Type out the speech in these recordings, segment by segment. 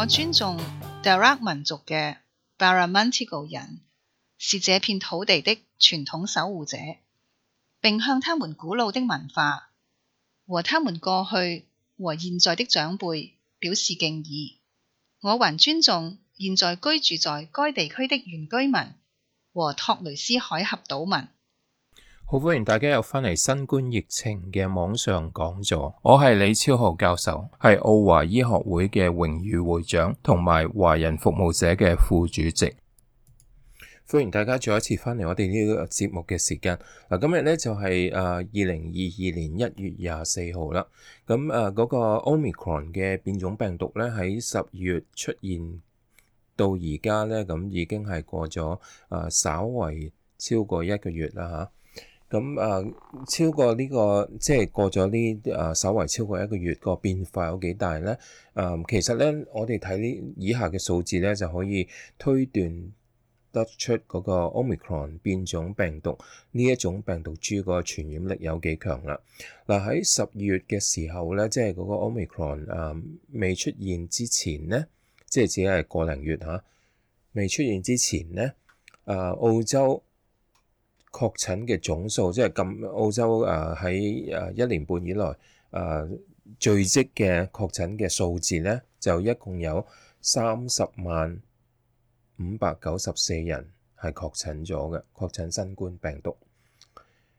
我尊重 d 德拉克民族嘅 b m o 巴拉曼提高人，是這片土地的傳統守護者，並向他們古老的文化和他們過去和現在的長輩表示敬意。我還尊重現在居住在該地區的原居民和托雷斯海峽島民。好，歡迎大家又翻嚟新冠疫情嘅網上講座。我係李超浩教授，係澳華醫學會嘅榮譽會長，同埋華人服務社嘅副主席。歡迎大家再一次翻嚟我哋呢個節目嘅時間嗱。今日咧就係誒二零二二年一月廿四號啦。咁誒嗰個 omicron 嘅變種病毒咧，喺十月出現到而家咧，咁已經係過咗誒稍為超過一個月啦吓。咁啊、嗯，超過呢、這個即係過咗呢誒，稍、呃、為超過一個月、這個變化有幾大咧？誒、呃，其實咧，我哋睇呢以下嘅數字咧，就可以推斷得出嗰個 Omicron 變種病毒呢一種病毒株個傳染力有幾強啦。嗱、呃，喺十二月嘅時候咧，即係嗰個 Omicron 誒未出現之前咧，即係只係個零月嚇，未出現之前咧，誒、啊呃、澳洲。確診嘅總數，即係咁澳洲誒喺誒一年半以來誒聚積嘅確診嘅數字咧，就一共有三十萬五百九十四人係確診咗嘅確診新冠病毒。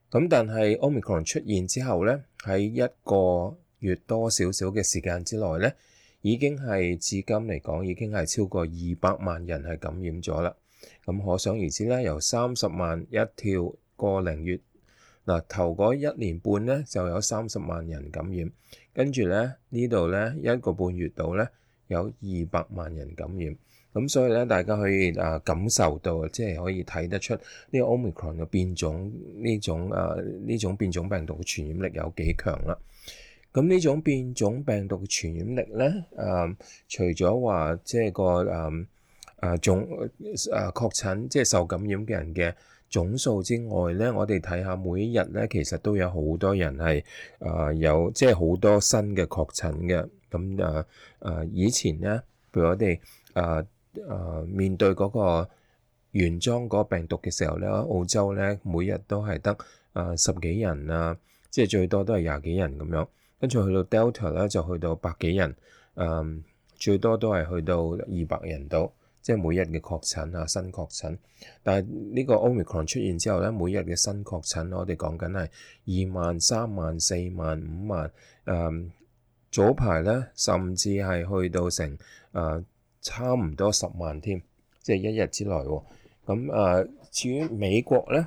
咁但係 Omicron 出現之後咧，喺一個月多少少嘅時間之內咧，已經係至今嚟講已經係超過二百萬人係感染咗啦。咁可想而知咧，由三十萬一跳過零月，嗱、呃、頭嗰一年半咧就有三十萬人感染，跟住咧呢度咧一個半月度咧有二百萬人感染，咁所以咧大家可以啊、呃、感受到，即係可以睇得出呢、這個 Omicron 嘅變種呢種啊呢、呃、種變種病毒嘅傳染力有幾強啦、啊。咁、嗯、呢種變種病毒嘅傳染力咧，誒、嗯、除咗話即係個誒。嗯啊總啊確診即係受感染嘅人嘅總數之外咧，我哋睇下每一日咧，其實都有好多人係啊有即係好多新嘅確診嘅。咁啊啊以前咧，譬如我哋啊啊面對嗰個原裝嗰個病毒嘅時候咧，澳洲咧，每日都係得啊十幾人啊，即係最多都係廿幾人咁樣，跟住去到 Delta 咧就去到百幾人，嗯、啊、最多都係去到二百人度。即係每日嘅確診啊，新確診。但係呢個 Omicron 出現之後咧，每日嘅新確診，我哋講緊係二萬、三萬、四萬、五萬。誒、嗯，早排咧，甚至係去到成誒、呃、差唔多十萬添，即係一日之內喎、哦。咁、嗯、誒、呃，至於美國咧，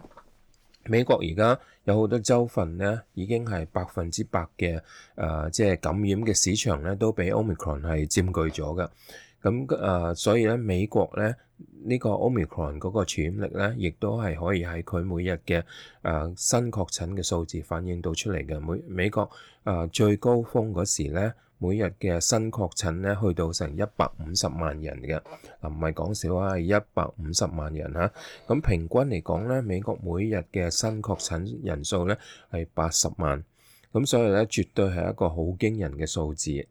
美國而家有好多州份咧，已經係百分之百嘅誒、呃，即係感染嘅市場咧，都俾 c r o n 係佔據咗嘅。咁誒、呃，所以咧，美國咧呢、這個 Omicron 嗰個傳染力咧，亦都係可以喺佢每日嘅誒、呃、新確診嘅數字反映到出嚟嘅。美美國誒、呃、最高峰嗰時咧，每日嘅新確診咧去到成一百五十萬人嘅，嗱唔係講笑啊，係一百五十萬人嚇。咁平均嚟講咧，美國每日嘅新確診人數咧係八十萬。咁所以咧，絕對係一個好驚人嘅數字。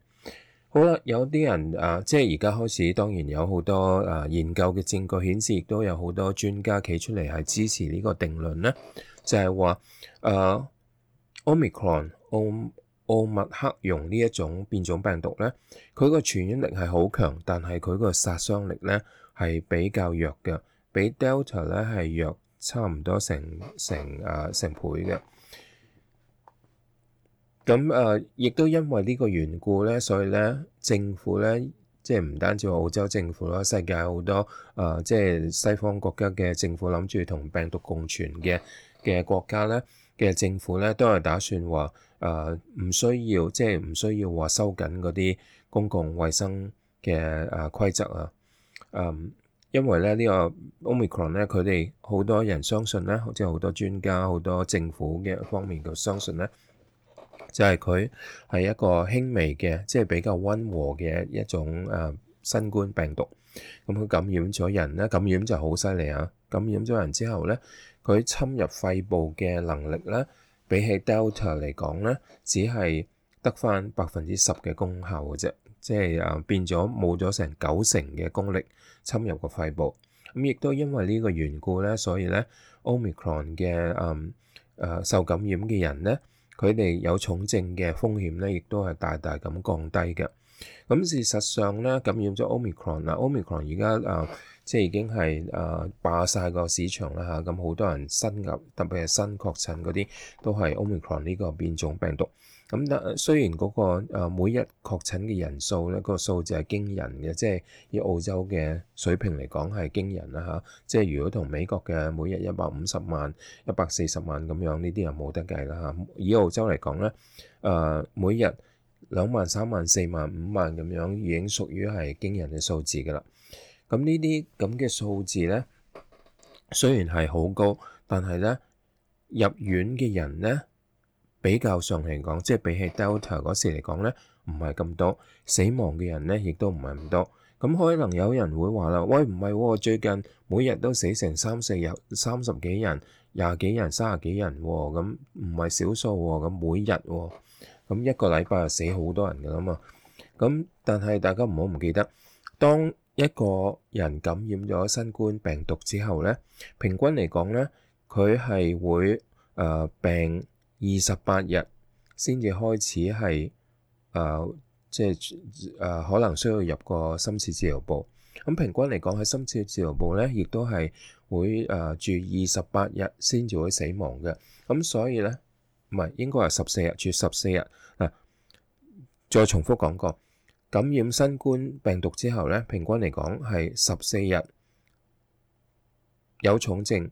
好啦，有啲人啊、呃，即係而家開始，當然有好多啊、呃、研究嘅證據顯示，亦都有好多專家企出嚟係支持呢個定論咧，就係話誒 Omicron，奧奧密克戎呢一種變種病毒咧，佢個傳染力係好強，但係佢個殺傷力咧係比較弱嘅，比 Delta 咧係弱差唔多成成誒成倍嘅。咁誒、呃，亦都因為呢個緣故咧，所以咧，政府咧，即係唔單止澳洲政府啦，世界好多誒、呃，即係西方國家嘅政府諗住同病毒共存嘅嘅國家咧嘅政府咧，都係打算話誒，唔、呃、需要，即係唔需要話收緊嗰啲公共衛生嘅誒規則啊，嗯，因為咧呢、這個 Omicron 咧，佢哋好多人相信咧，即係好多專家、好多政府嘅方面嘅相信咧。就係佢係一個輕微嘅，即係比較溫和嘅一種誒新冠病毒。咁佢感染咗人咧，感染就好犀利啊！感染咗人之後咧，佢侵入肺部嘅能力咧，比起 Delta 嚟講咧，只係得返百分之十嘅功效嘅啫，即係誒變咗冇咗成九成嘅功力侵入個肺部。咁亦都因為呢個緣故咧，所以咧，Omicron 嘅誒誒受感染嘅人咧。佢哋有重症嘅風險咧，亦都係大大咁降低嘅。咁事實上咧，感染咗 Omicron 啦，Omicron 而家啊、呃，即係已經係啊、呃、霸晒個市場啦嚇。咁好多人新入，特別係新確診嗰啲，都係 Omicron 呢個變種病毒。咁但係雖然嗰個誒每日確診嘅人數咧，個數字係驚人嘅，即係以澳洲嘅水平嚟講係驚人啦嚇。即係如果同美國嘅每日一百五十萬、一百四十萬咁樣，呢啲又冇得計啦嚇。以澳洲嚟講咧，誒每日兩萬、三萬、四萬、五萬咁樣，已經屬於係驚人嘅數字噶啦。咁呢啲咁嘅數字咧，雖然係好高，但係咧，入院嘅人咧。比較上嚟講，即係比起 Delta 嗰時嚟講咧，唔係咁多死亡嘅人咧，亦都唔係咁多。咁可能有人會話啦，喂，唔係喎，最近每日都死成三四日、三十幾人、廿幾人、三十幾人咁，唔係少數咁每日咁一個禮拜就死好多人㗎啦嘛。咁但係大家唔好唔記得，當一個人感染咗新冠病毒之後咧，平均嚟講咧，佢係會誒病。二十八日先至開始係誒、呃，即係誒、呃、可能需要入個深切治療部。咁、嗯、平均嚟講喺深切治療部咧，亦都係會誒、呃、住二十八日先至會死亡嘅。咁、嗯、所以咧，唔係應該係十四日住十四日嗱、啊。再重複講過，感染新冠病毒之後咧，平均嚟講係十四日有重症。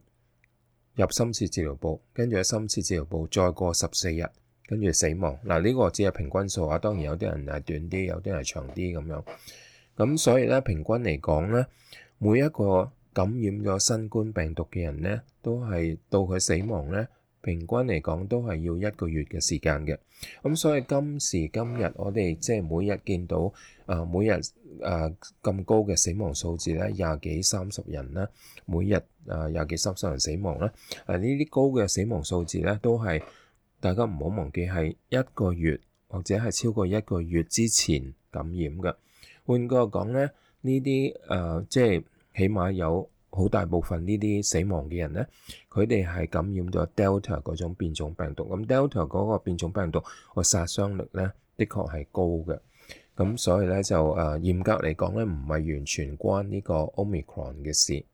入深切治療部，跟住喺深切治療部再過十四日，跟住死亡。嗱，呢個只係平均數啊，當然有啲人係短啲，有啲係長啲咁樣。咁所以咧，平均嚟講咧，每一個感染咗新冠病毒嘅人咧，都係到佢死亡咧。平均嚟講都係要一個月嘅時間嘅，咁所以今時今日我哋即係每日見到啊每日啊咁高嘅死亡數字咧，廿幾三十人啦，每日啊廿幾三十人死亡啦，誒呢啲高嘅死亡數字咧都係大家唔好忘記係一個月或者係超過一個月之前感染嘅。換句話講咧，呢啲誒即係起碼有。好大部分呢啲死亡嘅人咧，佢哋係感染咗 Delta 嗰種變種病毒。咁 Delta 嗰個變種病毒個殺傷力咧，的確係高嘅。咁所以咧就誒、啊、嚴格嚟講咧，唔係完全關呢個 Omicron 嘅事。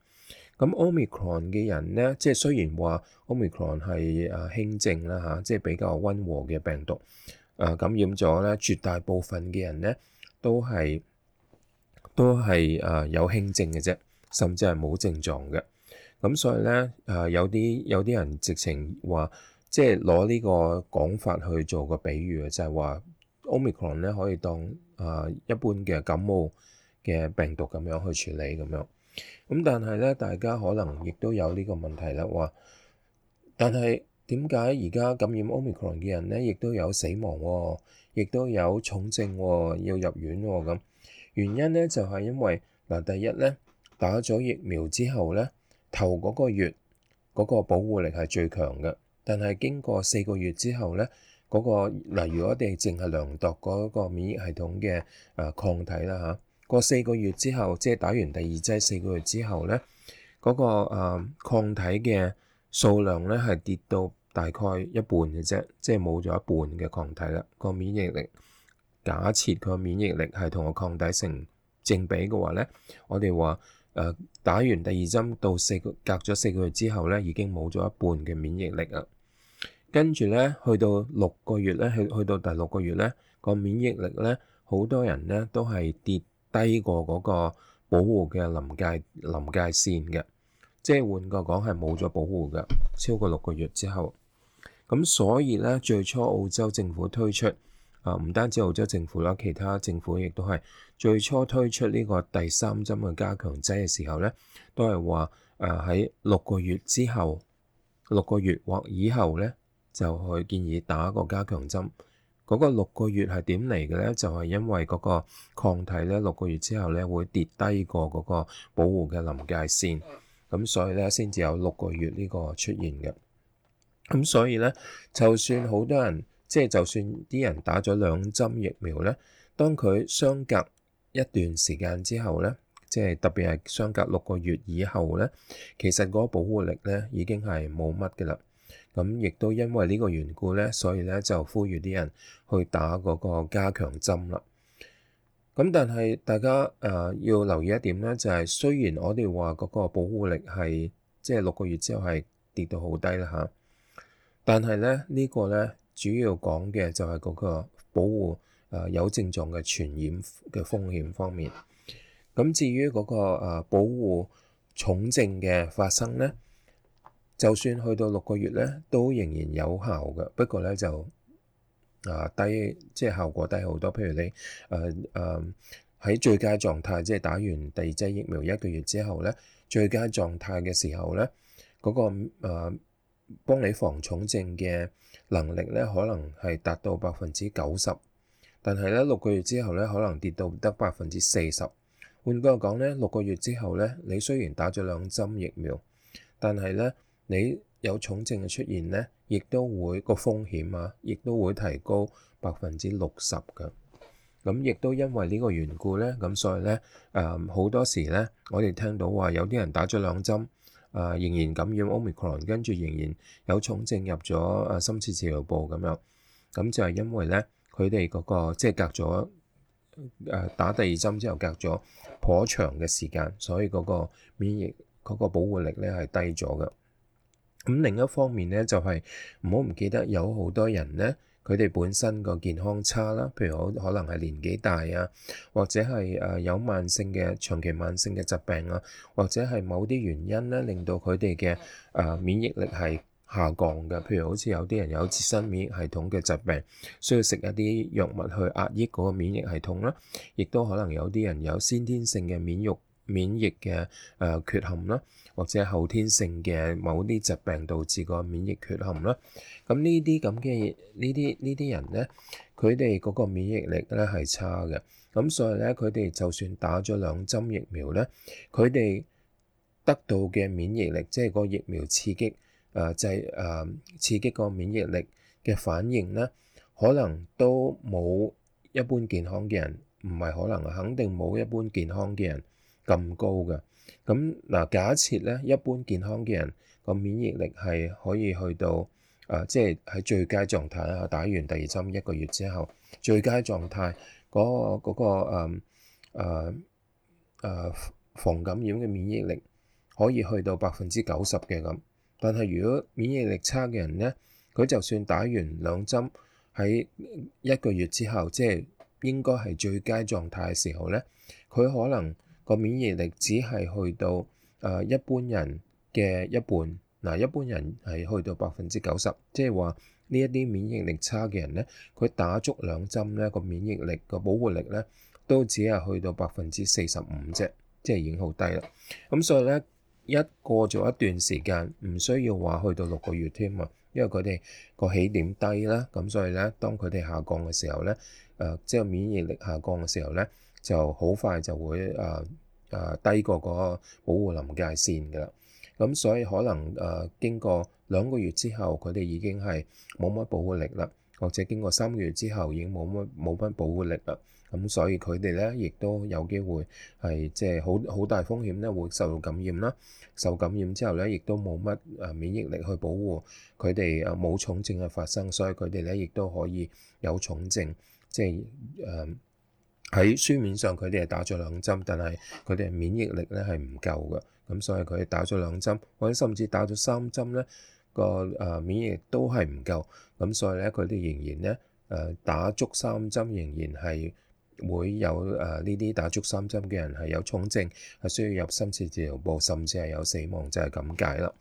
咁 Omicron 嘅人咧，即係雖然話 Omicron 係誒輕症啦嚇、啊，即係比較溫和嘅病毒。誒、啊、感染咗咧，絕大部分嘅人咧都係都係誒、啊、有輕症嘅啫。甚至係冇症狀嘅，咁所以咧，誒、呃、有啲有啲人直情話，即係攞呢個講法去做個比喻啊，就係話 Omicron 咧可以當誒、呃、一般嘅感冒嘅病毒咁樣去處理咁樣。咁但係咧，大家可能亦都有呢個問題啦，話，但係點解而家感染 Omicron 嘅人咧，亦都有死亡喎、哦，亦都有重症喎、哦，要入院喎、哦、咁？原因咧就係、是、因為嗱、呃，第一咧。打咗疫苗之後咧，頭嗰個月嗰個保護力係最強嘅。但係經過四個月之後咧，嗰、嗰個嗱，例如我哋淨係量度嗰個免疫系統嘅誒抗體啦嚇，過、啊、四個月之後，即係打完第二劑四個月之後咧，嗰、嗰個、啊、抗體嘅數量咧係跌到大概一半嘅啫，即係冇咗一半嘅抗體啦。嗰個免疫力假設個免疫力係同個抗體成正比嘅話咧，我哋話。誒，打完第二針到四個隔咗四個月之後咧，已經冇咗一半嘅免疫力啊。跟住咧，去到六個月咧，去去到第六個月咧，個免疫力咧，好多人咧都係跌低過嗰個保護嘅臨界臨界線嘅，即係換個講係冇咗保護噶。超過六個月之後，咁所以咧，最初澳洲政府推出。啊，唔單止澳洲政府啦，其他政府亦都係最初推出呢個第三針嘅加強劑嘅時候咧，都係話，誒，喺六個月之後，六個月或以後咧，就去建議打個加強針。嗰個六個月係點嚟嘅咧？就係因為嗰個抗體咧，六個月之後咧會跌低過嗰個保護嘅臨界線，咁所以咧先至有六個月呢個出現嘅。咁所以咧，就算好多人。即係，就算啲人打咗兩針疫苗咧，當佢相隔一段時間之後咧，即係特別係相隔六個月以後咧，其實嗰個保護力咧已經係冇乜嘅啦。咁亦都因為呢個緣故咧，所以咧就呼籲啲人去打嗰個加強針啦。咁但係大家誒、呃、要留意一點咧，就係、是、雖然我哋話嗰個保護力係即係六個月之後係跌到好低啦嚇，但係咧呢、呢個咧。主要講嘅就係嗰個保護誒、呃、有症狀嘅傳染嘅風險方面。咁至於嗰、那個、呃、保護重症嘅發生咧，就算去到六個月咧，都仍然有效嘅。不過咧就啊、呃、低，即係效果低好多。譬如你誒誒喺最佳狀態，即、就、係、是、打完第二劑疫苗一個月之後咧，最佳狀態嘅時候咧，嗰、那個、呃幫你防重症嘅能力咧，可能係達到百分之九十，但係咧六個月之後咧，可能跌到得百分之四十。換句話講咧，六個月之後咧，你雖然打咗兩針疫苗，但係咧你有重症嘅出現咧，亦都會個風險啊，亦都會提高百分之六十嘅。咁亦都因為呢個緣故咧，咁所以咧誒好多時咧，我哋聽到話有啲人打咗兩針。誒、啊、仍然感染 Omicron，跟住仍然有重症入咗誒深切治療部咁樣，咁就係因為咧，佢哋嗰個即係、即係、隔咗誒、啊、打第二針之後隔咗頗長嘅時間，所以嗰個免疫嗰、嗰個保護力咧係低咗嘅。咁另一方面咧，就係唔好唔記得有好多人咧。佢哋本身個健康差啦，譬如可能係年紀大啊，或者係誒有慢性嘅長期慢性嘅疾病啊，或者係某啲原因咧令到佢哋嘅誒免疫力係下降嘅，譬如好似有啲人有自身免疫系統嘅疾病，需要食一啲藥物去壓抑嗰個免疫系統啦，亦都可能有啲人有先天性嘅免疫。免疫嘅誒缺陷啦，或者後天性嘅某啲疾病導致個免疫缺陷啦。咁呢啲咁嘅呢啲呢啲人咧，佢哋嗰個免疫力咧係差嘅。咁所以咧，佢哋就算打咗兩針疫苗咧，佢哋得到嘅免疫力，即係個疫苗刺激誒即係誒刺激個免疫力嘅反應咧，可能都冇一般健康嘅人唔係可能啊，肯定冇一般健康嘅人。咁高嘅。咁，嗱，假設咧，一般健康嘅人個免疫力係可以去到誒，即係喺最佳狀態啦。打完第二針一個月之後，最佳狀態嗰、嗰個嗰個誒誒誒防感染嘅免疫力可以去到百分之九十嘅。咁，但係如果免疫力差嘅人咧，佢就算打完兩針喺一個月之後，即係應該係最佳狀態嘅時候咧，佢可能個免疫力只係去到誒、呃、一般人嘅一半，嗱、啊、一般人係去到百分之九十，即係話呢一啲免疫力差嘅人咧，佢打足兩針咧，個免疫力個保護力咧都只係去到百分之四十五啫，即係已經好低啦。咁所以咧，一過咗一段時間，唔需要話去到六個月添啊，因為佢哋個起點低啦，咁所以咧，當佢哋下降嘅時候咧，誒即係免疫力下降嘅時候咧。就好快就會誒誒、呃呃、低過個保護臨界線嘅啦，咁所以可能誒、呃、經過兩個月之後，佢哋已經係冇乜保護力啦，或者經過三個月之後已經冇乜冇乜保護力啦，咁所以佢哋咧亦都有機會係即係好好大風險咧，會受到感染啦，受感染之後咧亦都冇乜誒免疫力去保護佢哋誒冇重症嘅發生，所以佢哋咧亦都可以有重症，即係誒。呃喺書面上佢哋係打咗兩針，但係佢哋免疫力咧係唔夠嘅，咁所以佢哋打咗兩針，或者甚至打咗三針咧，個誒、呃、免疫都係唔夠，咁所以咧佢哋仍然咧誒、呃、打足三針，仍然係會有誒呢啲打足三針嘅人係有重症，係需要入深切治療部，甚至係有死亡就係咁解啦。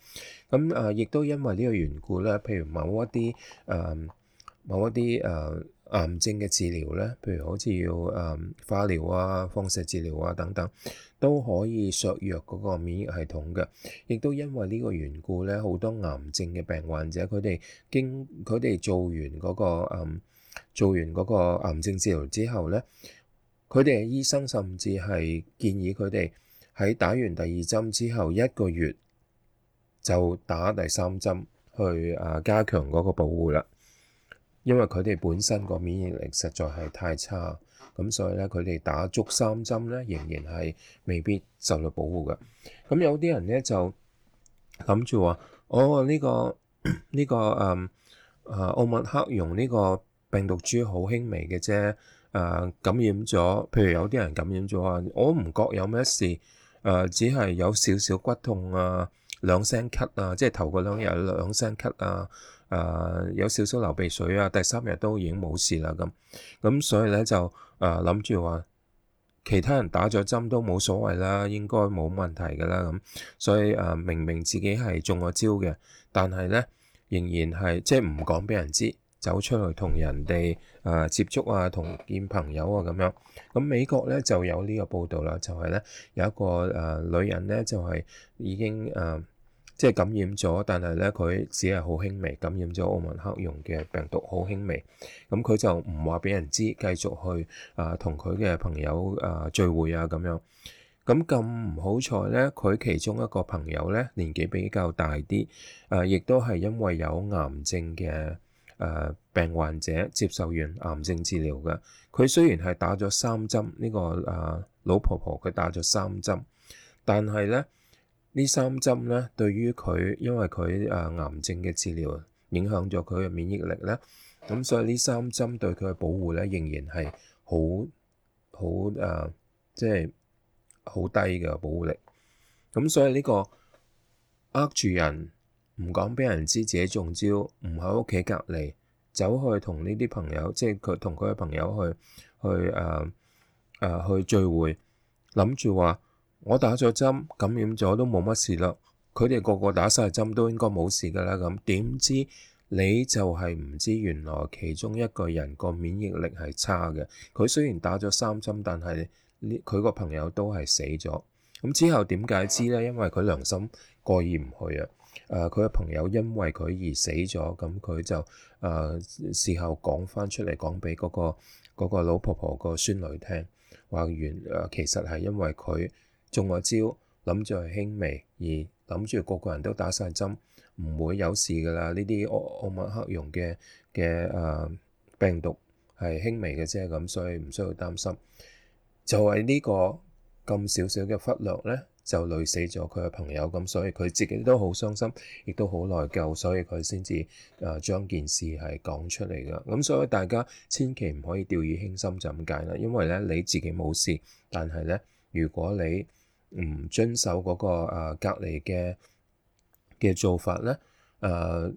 咁誒、呃、亦都因為呢個緣故咧，譬如某一啲誒、呃、某一啲誒。呃癌症嘅治療咧，譬如好似要誒嗯、化療啊、放射治療啊等等，都可以削弱嗰個免疫系統嘅。亦都因為呢個緣故咧，好多癌症嘅病患者，佢哋經佢哋做完嗰個、嗯、做完嗰個癌症治療之後咧，佢哋嘅醫生甚至係建議佢哋喺打完第二針之後一個月就打第三針去誒加強嗰個保護啦。因為佢哋本身個免疫力實在係太差，咁所以咧佢哋打足三針咧，仍然係未必受到保護嘅。咁有啲人咧就諗住話，我、哦、呢個、呢個、誒誒、嗯啊、奧密克戎呢個病毒株好輕微嘅啫，誒、啊、感染咗，譬如有啲人感染咗啊，我唔覺有咩事，誒只係有少少骨痛啊，兩聲咳啊，即係頭嗰兩日兩聲咳啊。誒、呃、有少少流鼻水啊，第三日都已經冇事啦咁，咁所以咧就誒諗住話其他人打咗針都冇所謂啦，應該冇問題㗎啦咁，所以誒、呃、明明自己係中咗招嘅，但係咧仍然係即係唔講俾人知，走出去同人哋誒、呃、接觸啊，同見朋友啊咁樣。咁美國咧就有呢個報導啦，就係、是、咧有一個誒、呃、女人咧就係、是、已經誒。呃即係感染咗，但係咧佢只係好輕微感染咗奧文克戎嘅病毒，好輕微。咁、嗯、佢就唔話俾人知，繼續去啊同佢嘅朋友啊、呃、聚會啊咁樣。咁咁唔好彩咧，佢其中一個朋友咧年紀比較大啲，誒亦都係因為有癌症嘅誒、呃、病患者接受完癌症治療嘅。佢雖然係打咗三針呢、呢個啊、呃、老婆婆，佢打咗三針，但係咧。三針呢三針咧，對於佢，因為佢誒、啊、癌症嘅治療影響咗佢嘅免疫力咧，咁所以三針呢三針對佢嘅保護咧，仍然係好好誒，即係好低嘅保護力。咁所以呢、這個呃住人唔講俾人知自己中招，唔喺屋企隔離，走去同呢啲朋友，即係佢同佢嘅朋友去去誒誒、啊啊、去聚會，諗住話。我打咗針，感染咗都冇乜事啦。佢哋個個打晒針都應該冇事噶啦。咁點知你就係唔知，原來其中一個人個免疫力係差嘅。佢雖然打咗三針，但係呢，佢個朋友都係死咗。咁之後點解知咧？因為佢良心過意唔去啊。誒、呃，佢個朋友因為佢而死咗，咁佢就誒、呃、事後講翻出嚟，講俾嗰個嗰、嗰個老婆婆個孫女聽，話原誒，其實係因為佢。中咗招，諗住係輕微，而諗住個個人都打晒針，唔會有事㗎啦。呢啲奧密克戎嘅嘅誒病毒係輕微嘅啫，咁所以唔需要擔心。就係呢個咁少少嘅忽略咧，就累死咗佢嘅朋友，咁所以佢自己都好傷心，亦都好內疚，所以佢先至誒將件事係講出嚟㗎。咁所以大家千祈唔可以掉以輕心就咁解啦，因為咧你自己冇事，但係咧如果你唔遵守嗰、那個誒、呃、隔離嘅嘅做法咧，誒、呃、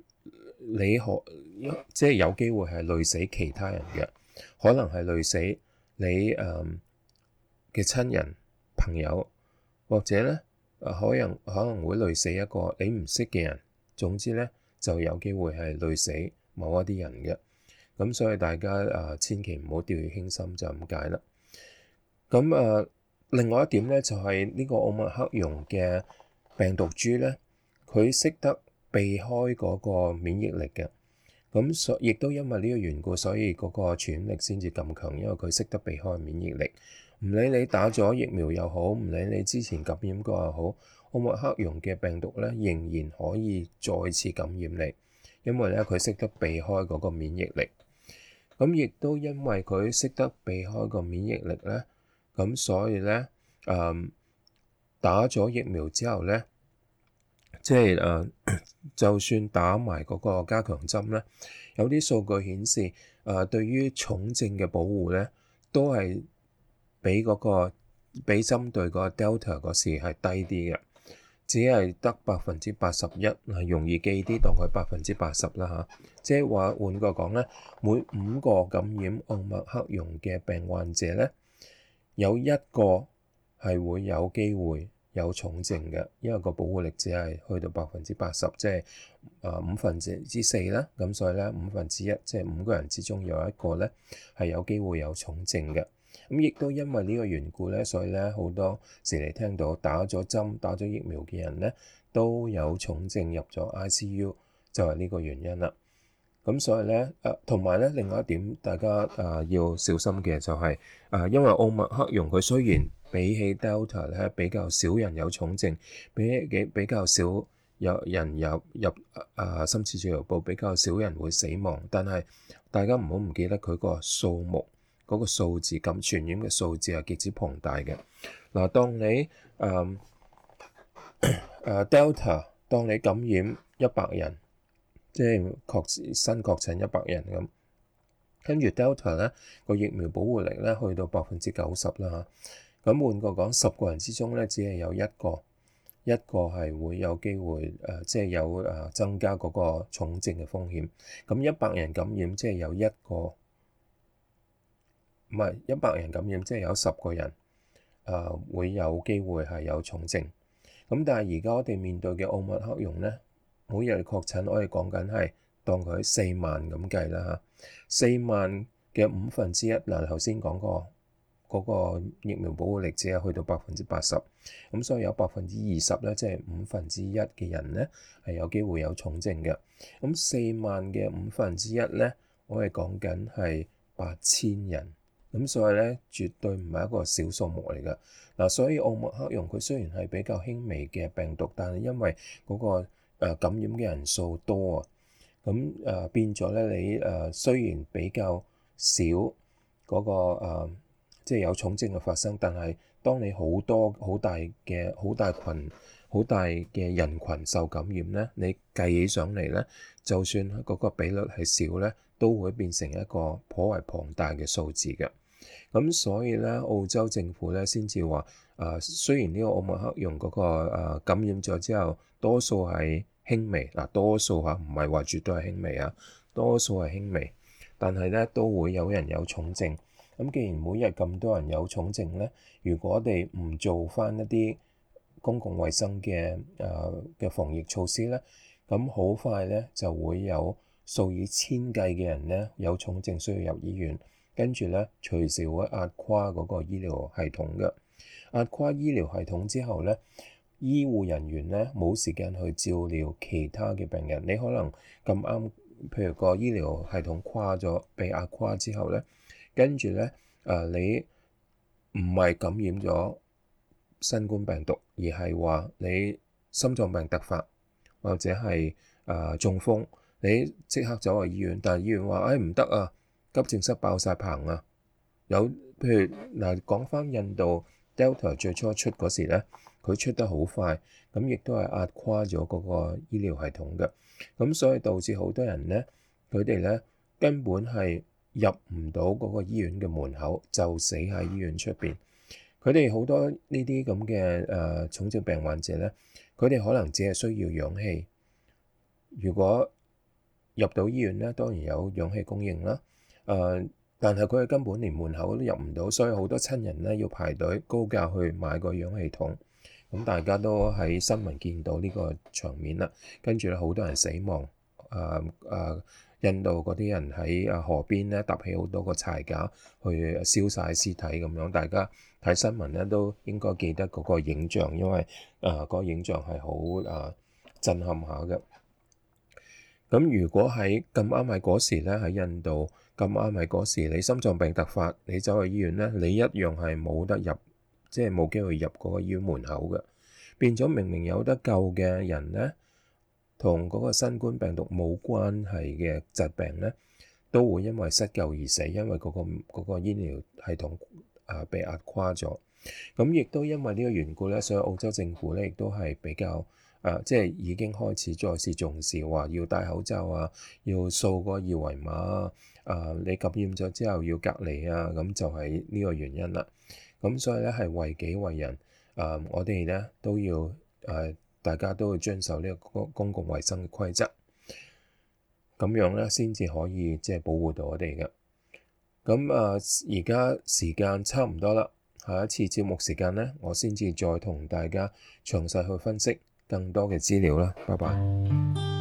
你可即係有機會係累死其他人嘅，可能係累死你誒嘅、嗯、親人朋友，或者咧可能可能會累死一個你唔識嘅人，總之咧就有機會係累死某一啲人嘅，咁、嗯、所以大家誒、呃、千祈唔好掉以輕心就咁解啦，咁、嗯、誒。呃另外一點咧，就係呢個奧密克戎嘅病毒株咧，佢識得避開嗰個免疫力嘅。咁所亦都因為呢個緣故，所以嗰個傳染力先至咁強，因為佢識得避開免疫力。唔理你打咗疫苗又好，唔理你之前感染過又好，奧密克戎嘅病毒咧仍然可以再次感染你，因為咧佢識得避開嗰個免疫力。咁亦都因為佢識得避開個免疫力咧。咁所以咧，誒、嗯、打咗疫苗之後咧，即係誒、呃，就算打埋嗰個加強針咧，有啲數據顯示誒、呃，對於重症嘅保護咧，都係比嗰、嗰個比針對嗰個 Delta 嗰時係低啲嘅，只係得百分之八十一係容易記啲，當佢百分之八十啦嚇。即係話換個講咧，每五個感染奧密克戎嘅病患者咧。有一個係會有機會有重症嘅，因為個保護力只係去到百分之八十，即係啊五分之四啦。咁所以咧，五分之一，即係五個人之中有一個咧係有機會有重症嘅。咁亦都因為呢個緣故咧，所以咧好多時你聽到打咗針、打咗疫苗嘅人咧都有重症入咗 ICU，就係呢個原因啦。咁所以咧，誒同埋咧，另外一點，大家誒要小心嘅就係誒，因為奧密克戎佢雖然比起 Delta 咧比較少人有重症，比比比較少有人有入誒深切治療部，比較少人會死亡，但係大家唔好唔記得佢個數目嗰個數字，咁傳染嘅數字係極之龐大嘅嗱。當你誒誒 Delta 當你感染一百人。即係確新確診一百人咁，跟住 Delta 咧個疫苗保護力咧去到百分之九十啦嚇。咁換句講，十個人之中咧只係有一個一個係會有機會誒、呃，即係有誒增加嗰個重症嘅風險。咁一百人感染即係有一個，唔係一百人感染即係有十個人誒、呃、會有機會係有重症。咁但係而家我哋面對嘅奧密克戎咧。每日確診，我哋講緊係當佢四萬咁計啦嚇，四萬嘅五分之一，嗱，頭先講過嗰個疫苗保護力只係去到百分之八十，咁所以有百分之二十咧，即係五分之一嘅人咧係有機會有重症嘅。咁四萬嘅五分之一咧，我哋講緊係八千人，咁所以咧絕對唔係一個小數目嚟嘅。嗱，所以奧密克戎，佢雖然係比較輕微嘅病毒，但係因為嗰個感染嘅人數多啊，咁誒、呃、變咗咧，你、呃、誒雖然比較少嗰、嗰個、呃、即係有重症嘅發生，但係當你好多好大嘅好大群好大嘅人群受感染咧，你計起上嚟咧，就算嗰個比率係少咧，都會變成一個頗為龐大嘅數字嘅。咁所以咧，澳洲政府咧先至話誒，雖然呢個奧密克戎嗰個、呃、感染咗之後，多數係輕微嗱，多數嚇唔係話絕對係輕微啊，多數係輕微，但係咧都會有人有重症。咁既然每日咁多人有重症咧，如果我哋唔做返一啲公共衛生嘅誒嘅防疫措施咧，咁好快咧就會有數以千計嘅人咧有重症需要入醫院，跟住咧隨時會壓垮嗰個醫療系統嘅。壓垮醫療系統之後咧～醫護人員呢，冇時間去照料其他嘅病人，你可能咁啱，譬如個醫療系統垮咗，被壓垮之後呢，跟住呢，誒、呃、你唔係感染咗新冠病毒，而係話你心臟病突發，或者係誒、呃、中風，你即刻走去醫院，但係醫院話：誒唔得啊，急症室爆晒棚啊！有譬如嗱，講返印度。Delta 最初出嗰時咧，佢出得好快，咁亦都係壓垮咗嗰個醫療系統嘅，咁所以導致好多人咧，佢哋咧根本係入唔到嗰個醫院嘅門口，就死喺醫院出邊。佢哋好多呢啲咁嘅誒重症病患者咧，佢哋可能只係需要氧氣。如果入到醫院咧，當然有氧氣供應啦，誒。但係佢係根本連門口都入唔到，所以好多親人咧要排隊高價去買個氧氣筒。咁、嗯、大家都喺新聞見到呢個場面啦。跟住咧，好多人死亡。誒、啊、誒、啊，印度嗰啲人喺河邊咧搭起好多個柴架去燒晒屍體咁樣。大家睇新聞咧都應該記得嗰個影像，因為誒嗰、啊那個影像係好誒震撼下嘅。咁如果喺咁啱係嗰時咧喺印度。咁啱係嗰時，你心臟病突發，你走去醫院咧，你一樣係冇得入，即係冇機會入嗰個醫院門口嘅。變咗明明有得救嘅人咧，同嗰個新冠病毒冇關係嘅疾病咧，都會因為失救而死，因為嗰個嗰個醫療系統啊被壓垮咗。咁亦都因為呢個緣故咧，所以澳洲政府咧亦都係比較啊，即係已經開始再次重視話要戴口罩啊，要掃個二維碼啊。啊、你感染咗之後要隔離啊，咁就係呢個原因啦。咁所以咧係為己為人，誒、啊，我哋咧都要誒、啊，大家都要遵守呢個公公共衞生嘅規則，咁樣咧先至可以即係保護到我哋嘅。咁啊，而家時間差唔多啦，下一次節目時間咧，我先至再同大家詳細去分析更多嘅資料啦。拜拜。